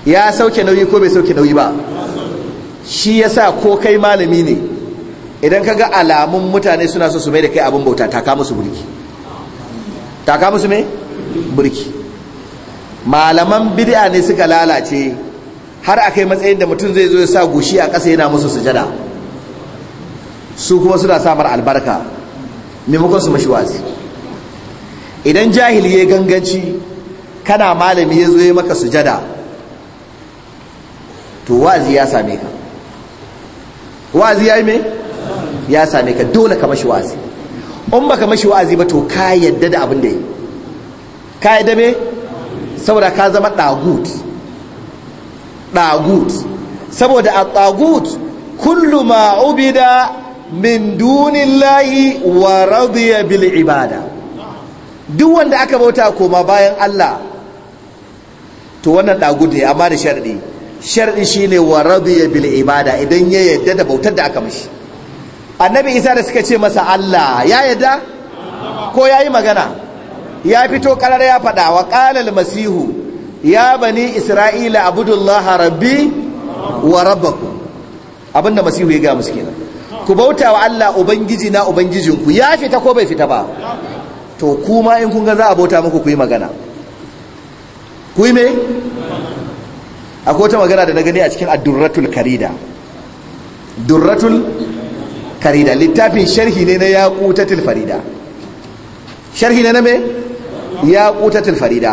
ya sauke nauyi ko bai sauke nauyi ba shi ya sa ko kai malami ne idan ka ga alamun mutane suna so su mai da kai abin bauta taka musu burki taka musu mai burki malaman bid'a ne suka lalace har akai matsayin da mutum zai zo ya sa gushi a ƙasa yana musu sujada su kuma suna samar albarka maimakon su mashi wazi idan jahili ya ganganci kana malami ya zo ya maka sujada to wazi ya same ka wazi ya yi mai ya same ka dole ka mashi wa'azi in baka mashi wa'azi ba to ka yadda da abin da yi ka yadda me saboda ka zama dagut dagut saboda a dagut kullu ma ubida min dunillahi wa radiya bil ibada duk wanda aka bauta koma bayan Allah to wannan dagut ne amma da sharadi sharadi shine wa radiya bil ibada idan ya yadda da bautar da aka mashi. annabi isa da suka ce masa Allah ya yadda ko ya yi magana ya fito karar ya faɗa wa ƙalal masihu ya bani isra'ila abudullah rabbi wa rabbaku abinda masihu ya ga musu ku bauta wa Allah ubangiji na ubangijinku ya fita ko bai fita ba to kuma in kun ga za a bauta muku ku yi magana ku yi me akwai wata magana da na gani a cikin addurratul karida durratul karida littafin sharhi ne na kuta farida sharhi ne na me kuta farida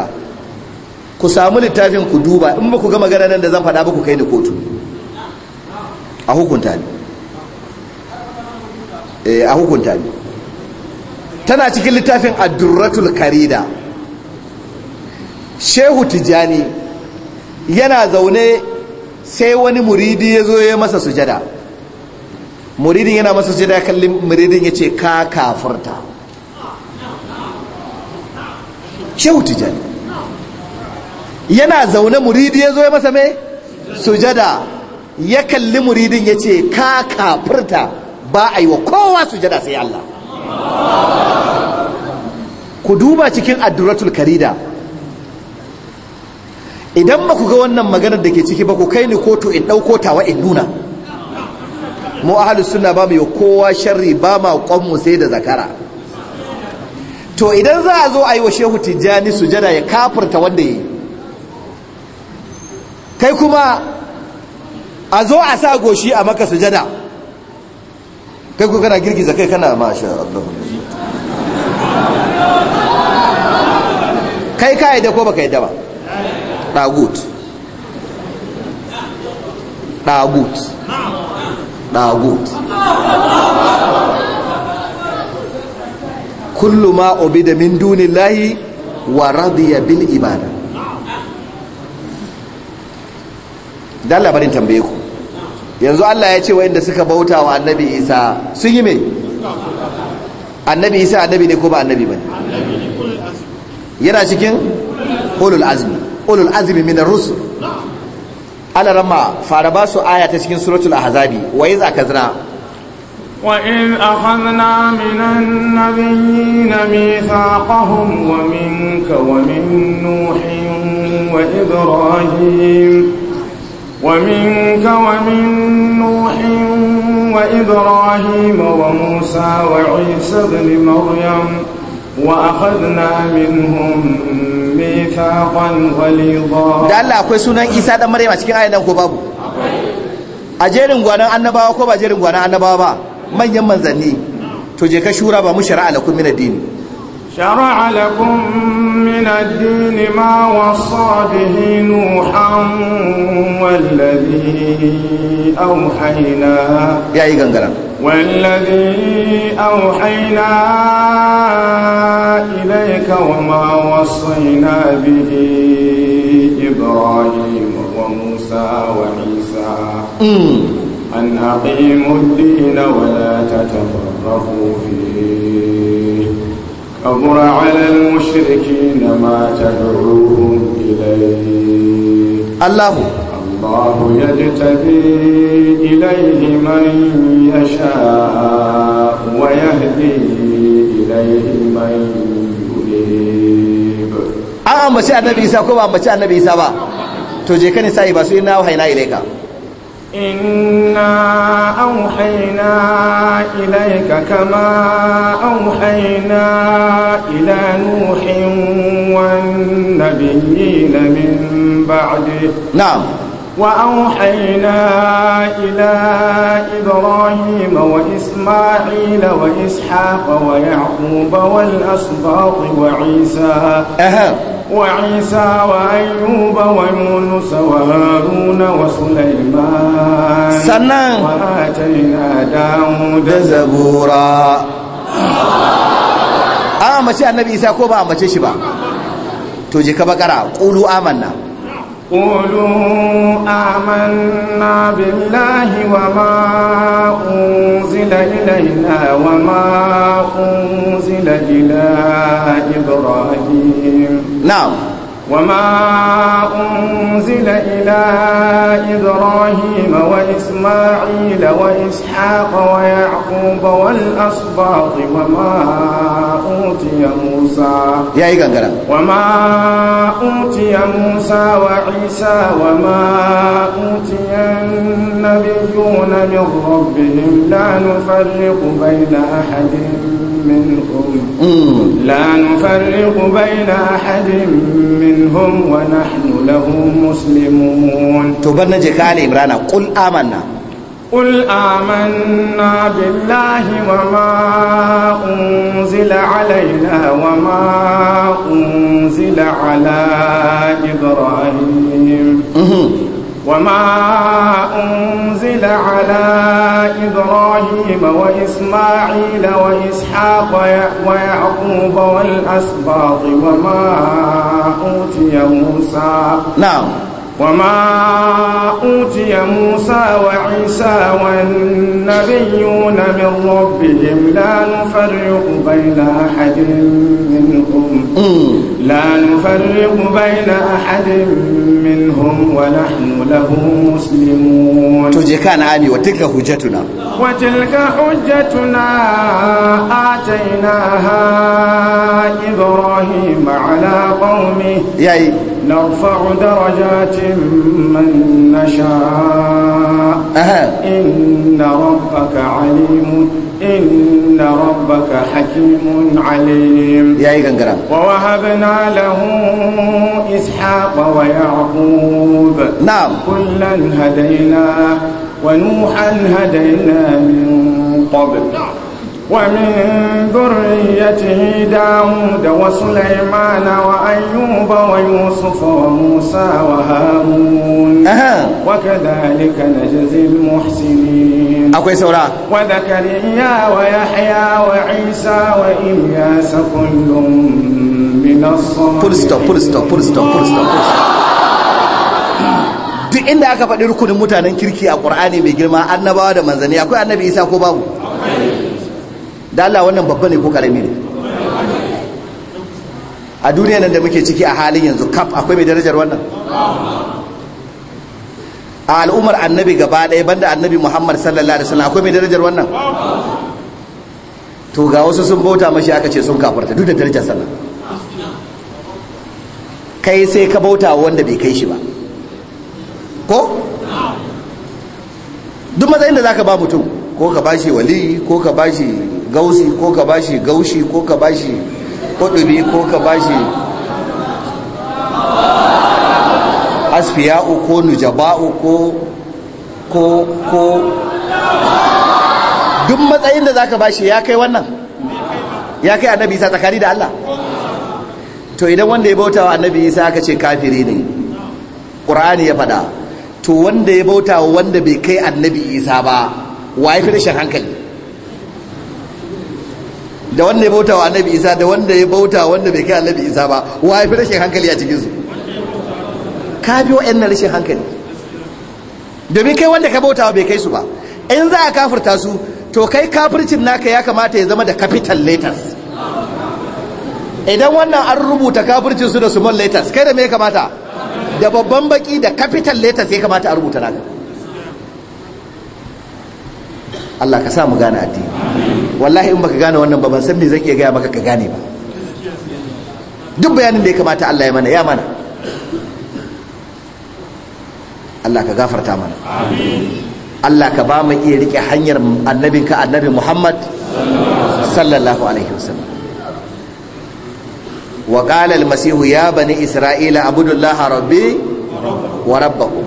ku samu littafin ku duba in ba ku gama gana nan da zan faɗa ba ku kai ni kotu a hukunta ne eh, a hukunta ne tana cikin littafin adduratul karida shehu tijani yana zaune sai wani muridi ya zo ya masa sujada muridin yana masa sai da kalli muridin ya ce ka kafurta shehu tijani yana zaune muridi ya zo masa mai sujada ya kalli muridin ya ce ka kafurta ba a yi wa kowa sujada sai Allah ku duba cikin adduratul karida idan ba ku ga wannan maganar da ke ciki ba ku kai ni kotu in ɗauko tawa in nuna mu ahlus sunna ba mu kowa sharri ba ma kwanmu sai da zakara to idan za a zo a yi wa shehu tijjani sujada ya kafirta wanda yi kai kuma a zo a sa goshi a maka sujada kai ku kana girgiza kai kana masha Allah kai ka da ko baka yadda ba ɗagut ɗagut ɗagut kullu ma da min layi wa radiya bil ibada dan labarin tambaye ku yanzu Allah ya ce inda suka bauta wa annabi Isa sun yi mai. annabi Isa annabi ne ko ba annabi ba yana cikin ulul azmi ulul azmi min ar-rusul alarama fara ba su aya ta cikin suratul ahzabi wa iz akazna wa in akhadna minan nabiyyin mithaqahum wa minka wa min nuhin wa ibrahim wa minka wa min nuhin wa ibrahim wa musa wa isa ibn maryam wa akhadna minhum da Allah akwai sunan Isa dan Maryam a cikin ayan ko babu a jerin gwanan annabawa ko ba jerin gwanan annabawa ba manyan manzanni to je ka shura ba mu shar'a lakum min ad-din shar'a lakum min ad-din ma wasa bihi wal ladhi awhayna yayi gangara والذي أوحينا إليك وما وصينا به إبراهيم وموسى وعيسى أن أقيموا الدين ولا تتفرقوا فيه كبر على المشركين ما تدعوهم إليه الله الله يجتبي إليه من يشاء ويهدي إليه من ينيب أنا أمشي النبي إيسا كوبا أمشي النبي إيسا با تجيكني سايبا سوئنا وحينا إليك إنا أوحينا إليك كما أوحينا إلى نوح والنبيين من بعده نعم وأوحينا إلى إبراهيم وإسماعيل وإسحاق ويعقوب والأسباط وعيسى وعيسى وأيوب ويونس وهارون وسليمان سنة وآتينا داود زبورا أما شيء النبي إسحاق وما أما شيء شبا توجي كبكرا قولوا آمنا قولوا آمنا بالله وما أنزل إلينا وما أنزل إلى إبراهيم نعم وما أنزل إلى إبراهيم وإسماعيل وإسحاق ويعقوب والأسباط وما أوتي موسى يا وما أوتي موسى وعيسى وما أوتي النبيون من ربهم لا نفرق بين أحد منهم لا نفرق بين أحد منهم ونحن له مسلمون تبنى جكال إبرانا قل آمنا قل آمنا بالله وما أنزل علينا وما أنزل على إبراهيم وما أنزل على إبراهيم وإسماعيل وإسحاق ويعقوب والأسباط وما أوتي موسى نعم وما أوتي موسى وعيسى والنبيون من ربهم لا نفرق بين أحد منهم لا نفرق بين أحد منهم ونحن له مسلمون تجيك عن عامي وتلك حجتنا وتلك حجتنا آتيناها إبراهيم على قومه يا نرفع درجات من نشاء إن ربك عليم إن ربك حكيم عليم يا ووهبنا له إسحاق ويعقوب نعم كلا هدينا ونوحا هدينا من قبل نعم ومن ذريته داود وسليمان وأيوب ويوسف وموسى وهارون أه. وكذلك نجزي المحسنين أكوي سورة وذكريا ويحيى وعيسى وإلياس كل من الصالحين فول ستوب فول ستوب فول ستوب فول ستوب duk inda aka faɗi rukunin mutanen kirki a ƙur'ani mai girma annabawa da manzanni akwai annabi isa ko babu da Allah wannan babba ne ko karami ne a duniya nan da muke ciki a halin yanzu kaf akwai mai darajar wannan a al'ummar annabi gaba ɗaya banda annabi muhammad sallallahu alaihi wasallam akwai mai darajar wannan to ga wasu sun bauta mashi aka ce sun kafarta duk da darajar sallah kai sai ka bauta wanda bai kai shi ba ko duk matsayin da za ka ba mutum ko ka ba shi wali ko ka ba shi. gausi ko ka bashi gaushi ko ka bashi kudubi ko ka bashi asfiya'u ko nujaba'u ko ko ko duk matsayin da zaka bashi ya kai wannan ya kai annabi isa tsakani da Allah to idan wanda ya bauta wa annabi isa aka ce kafiri ne Ƙur'ani ya faɗa to wanda ya bauta wa wanda bai kai annabi isa ba wa ya fi rashin hankali da wanda ya bauta wa annabi isa da wanda ya bauta wanda bai kai annabi isa ba wa ya fi rashin hankali a su. ka biyo yan na rashin hankali domin kai wanda ka bauta wa bai kai su ba in za a kafirta su to kai kafircin naka ya kamata ya zama da capital letters idan wannan an rubuta kafircin su da small letters kai da me ya kamata da babban baki da capital letters ya kamata a rubuta naka Allah ka sa mu gane addini wallahi in baka gane wannan ba ban san me zan iya gaya maka ka gane ba duk bayanin da ya kamata Allah ya mana ya mana Allah ka gafarta mana Allah ka ba mu iya rike hanyar annabinka annabi Muhammad sallallahu alaihi wasallam wa qala al-masih ya bani isra'ila abudullaha rabbi wa rabbakum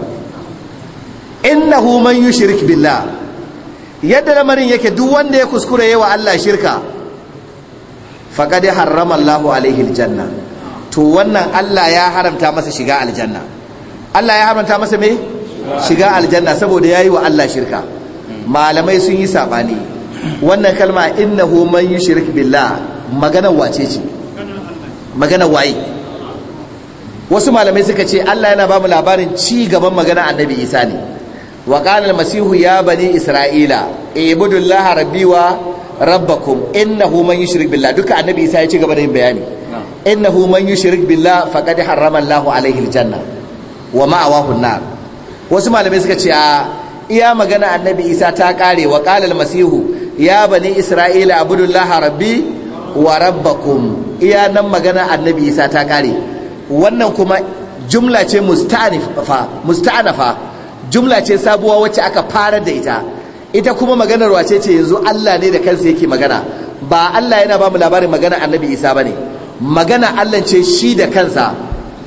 innahu man yushrik billah yadda lamarin yake duk wanda ya kuskure yawa Allah shirka faqad harrama Allahu alaihi aljanna to wannan Allah ya haramta masa shiga aljanna Allah ya haramta masa me shiga aljanna saboda yayi wa Allah shirka malamai sun yi sabani wannan kalma innahu man yushrik billah maganar wace ce maganar waye wasu malamai suka ce Allah yana ba mu labarin ci gaban magana Annabi Isa ne وقال المسيح يا بني ya bani isra'ila ربي rabbi wa rabbakum innahu man yushrik billah duka annabi isa ya ci gaba da yin bayani innahu man yushrik billah faqad harrama alaihi wa wasu malamai suka ce a iya magana annabi isa ta kare wa qala masihu ya bani isra'ila abudullah rabbi wa rabbakum iya nan magana annabi isa ta kare wannan kuma jumla ce musta'anifa musta'anafa jumla ce sabuwa wacce aka fara da ita ita kuma maganar wace ce yanzu Allah ne da kansa yake magana ba Allah yana ba mu labarin magana annabi Isa bane magana Allah ce shi da kansa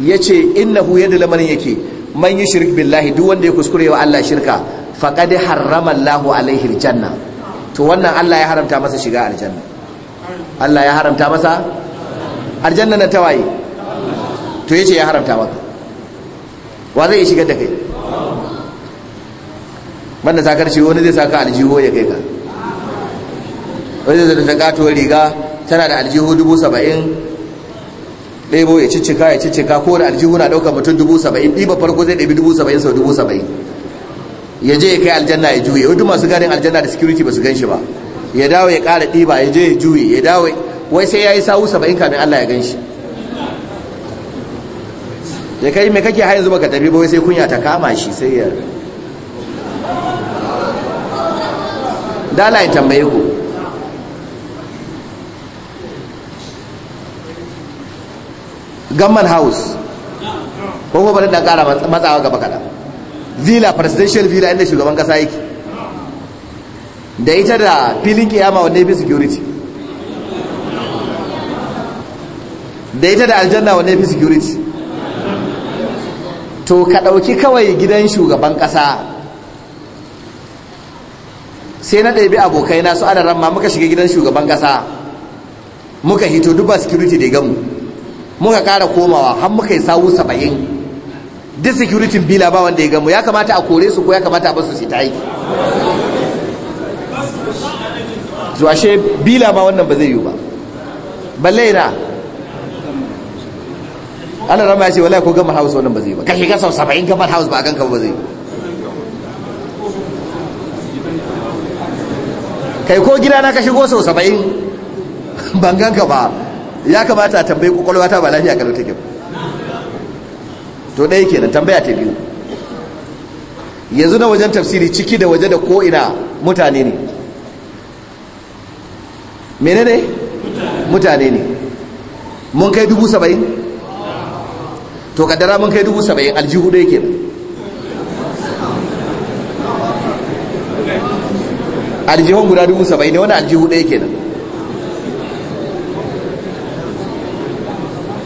yace innahu yadda lamarin yake man yi shirk billahi duk wanda ya kuskure wa Allah shirka faqad harrama Allahu alaihi aljanna to wannan Allah ya haramta masa shiga aljanna Allah ya haramta masa aljanna na tawaye to yace ya haramta maka wa zai shiga da kai banda sa karshe wani zai saka aljihu ya kai ka wani zai da tuwa riga tana da aljihu dubu saba'in ɗebo ya ciccika ya ciccika ko da aljihu na ɗaukar mutum dubu saba'in ɗiba farko zai ɗabi dubu saba'in sau dubu saba'in ya je ya kai aljanna ya juye wadda masu ganin aljanna da security ba su gan shi ba ya dawo ya ƙara ɗiba ya je ya juye ya dawo wai sai ya yi sawu saba'in kamin allah ya gan shi ya kai me kake har yanzu baka tafi ba wai sai kunya ta kama shi sai ya da ya tambaye ku gamman house ko ko bari dan kara matsawa gaba kada villa presidential villa inda shugaban kasa yake da ita da filin kiyama wa fi security da ita da aljanna wa fi security to ka dauki kawai gidan shugaban kasa sai na ɗabi abokai na su ana ramma muka shiga gidan shugaban ƙasa muka hito duk security da gamu muka ƙara komawa har muka yi sawu saba'in duk security bila ba wanda ya gamu ya kamata a kore su ko ya kamata a basu su ta yi zuwa she bila wannan ba zai yi ba balle na ana rama ya ce wala ko gamar house wannan ba zai ba kashe gasar saba'in gamar house ba a ganka ba zai yi kai ko gidana ka shigo sau saba'in ban ka ba ya kamata a tambayi kwakwalwa ta ba lafiya kalau take to ɗaya kenan tambaya ta biyu yanzu na wajen tafsiri ciki da waje da ko'ina mutane ne mene ne mutane ne mun kai dubu saba'in to kaddara mun kai dubu saba'in aljihu ɗaya kenan aljihun guda dubu saba'in ne wani aljihu ɗaya kenan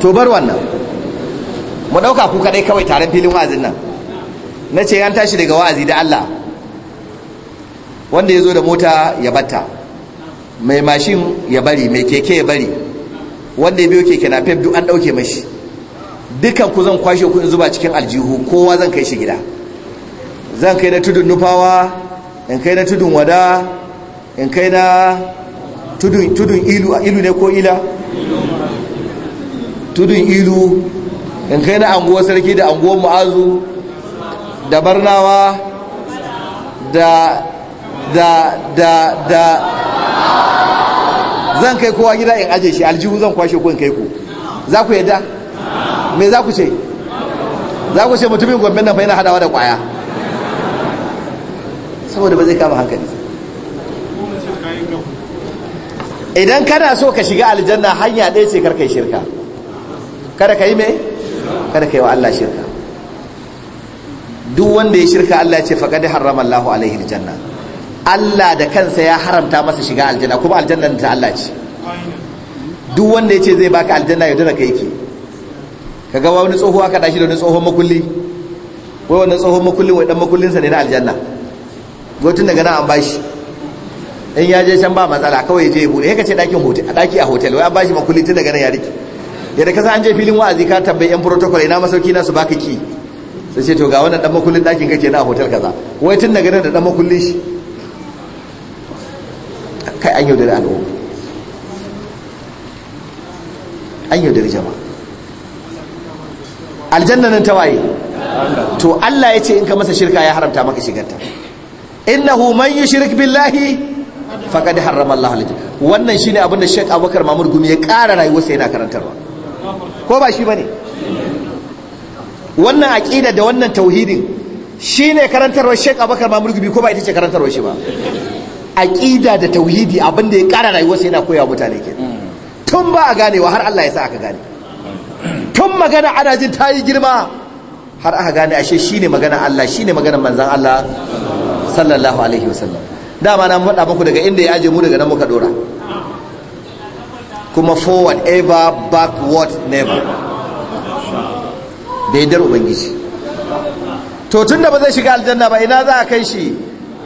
to bar wannan mu ɗauka ku kaɗai kawai taron filin wa'azin nan na ce an tashi daga wa'azi da Allah wanda ya zo da mota ya batta mai mashin ya bari mai keke ya bari wanda ya biyo keke na fef duk an ɗauke mashi dukan ku zan kwashe ku in zuba cikin aljihu kowa zan kai shi gida zan kai na tudun nufawa in kai na tudun wada in kai na tudun ilu ilu ne ko ila tudun ilu in kai na anguwa sarki da anguwa mu'azu da barnawa da da da da zan kai kowa gida in aje shi aljihu zan kwashe ko in kai ku za ku yadda me za ku ce za ku ce mutumin gwamnan na yana hadawa da kwaya saboda ba zai kama hankali idan kana so ka shiga aljanna hanya ɗaya ce karka yi shirka kada ka yi mai kada ka yi wa Allah shirka duk wanda ya shirka Allah ce da harrama Allah alaihi aljanna Allah da kansa ya haramta masa shiga aljanna kuma aljanna ta Allah ce duk wanda ya ce zai baka aljanna ya dana ka yake ka ga wani tsoho aka ɗashi da wani tsohon makulli wai wani tsohon makulli wai dan makullinsa ne na aljanna gotun daga nan an bashi in ya je can ba matsala kawai ya je ya bude ya kace dakin hotel a daki a hotel wai an bashi makulli tun daga nan ya rike yadda kasa an je filin wa'azi ka tabbai yan protocol ina masauki na su baka ki sai ce to ga wannan dan makullin dakin kake na hotel kaza wai tun daga nan da dan makullin shi kai an yaudari al'umma an yaudari jama'a aljanna nan ta waye to Allah ya ce in ka masa shirka ya haramta maka shigarta innahu man yushrik billahi faqad harrama Allah alaihi wannan shine abin da Sheikh Abubakar Mamud Gumi ya ƙara rayuwarsa yana karantarwa ko ba shi bane wannan aqida da wannan tauhidin shine karantarwar Sheikh Abubakar Mamud Gumi ko ba ita ce karantarwar shi ba aqida da tauhidi abin da ya ƙara rayuwarsa yana koya wa mutane ke tun ba a ganewa har Allah ya sa aka gane tun magana ana jin tayi girma har aka gane ashe shine magana Allah shine magana manzon Allah sallallahu alaihi wasallam dama na faɗa muku daga inda ya aje mu daga nan muka dora kuma forward ever backward never da ubangiji to tun da ba zai shiga aljanna ba ina za a kai shi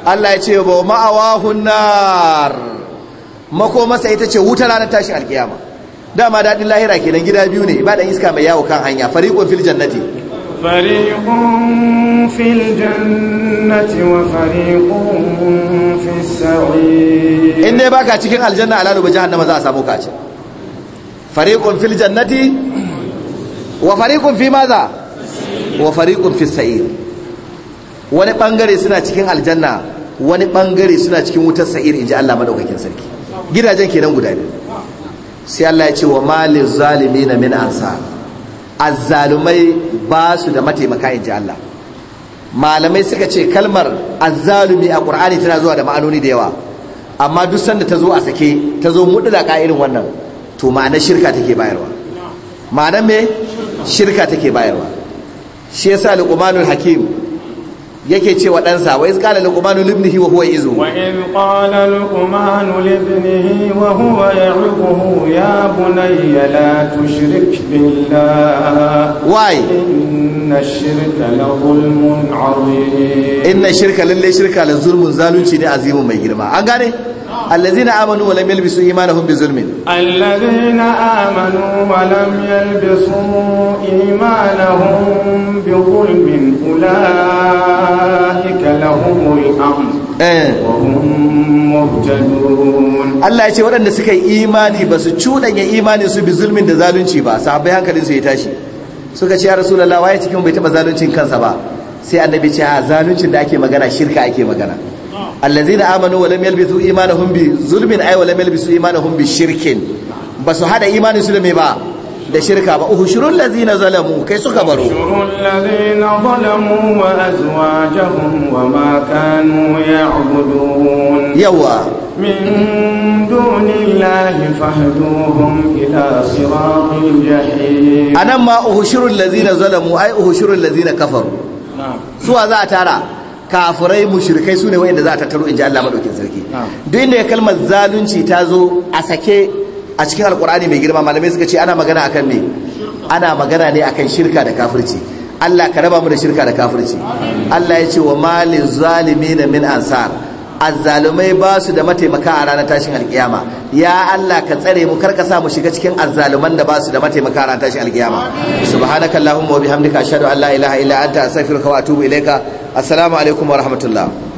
Allah ya ce ba ma'awahun nar masa ita ce wuta ranar tashin alkiyama dama daɗin lahira kenan gida biyu ne ba iska mai yawo kan hanya fariqun fil jannati فريق في الجنة وفريق في السعير إن باكا cikin aljanna ala rubu jahannama za a samu ka ce fariqun fil jannati wa fariqun fi wa wani bangare suna cikin aljanna wani bangare suna cikin wutar sa'ir inji Allah madaukakin sarki gidajen kenan guda biyu sai Allah ya ce wa malil zalimin min ansar azzalumai ba su da mataimaka in ji Allah malamai suka ce kalmar azzalumi a ƙur'ani tana zuwa da ma'anoni da yawa amma duk sanda ta zo a sake ta zo muɗula irin wannan to ma'anar shirka take bayarwa ma'anar me shirka take bayarwa shi yasa luqmanul hakim yake ce wa ɗansa wa iz qala luqmanu libnihi wa huwa izu wa iz qala luqmanu libnihi wa huwa ya'iduhu ya bunayya la tushrik billah why inna shirka na zulmun 'azim inna shirka lalle shirka la zulmun zalunci ne azimun mai girma an gane الذين آمنوا ولم Allah ya ce waɗanda suka yi imani basu su cuɗanya imani su bi zulmin da zalunci ba sahabbai hankalin su ya tashi suka ce ya rasulullah waye cikin bai taɓa zaluncin kansa ba sai annabi ce a zaluncin da ake magana shirka ake magana allazina amanu wa lam yalbisu imanahum bi zulmin ay wa lam yalbisu imanahum bi shirkin basu hada imanin su da me ba da shirka ba uhushurul ladzina zalamu kai suka baro uhushurul ladzina zalamu wa azwajuhum wa ma kanu ya'budun yawa min dunillahi fahduhum ila siratil jahim anan ma uhushurul ladzina zalamu ay uhushurul ladzina kafaru suwa za a tara kafirai mushrikai su ne wa'inda za a tattaro in ji Allah maɗaukin sarki duk inda ya kalmar zalunci ta zo a sake a cikin alkur'ani mai girma malamai suka ce ana magana akan ne ana magana ne akan shirka da kafirci Allah ka raba mu da shirka da kafirci Allah ya ce wa malin zalimin min ansar azzalumai ba su da mataimaka a ranar tashin alkiyama ya Allah ka tsare mu kar ka sa mu shiga cikin azzaluman da ba su da mataimaka a ranar tashin alkiyama subhanaka allahumma wa bihamdika ashhadu an la ilaha illa anta astaghfiruka wa atubu ilaika assalamu alaikum wa rahmatullah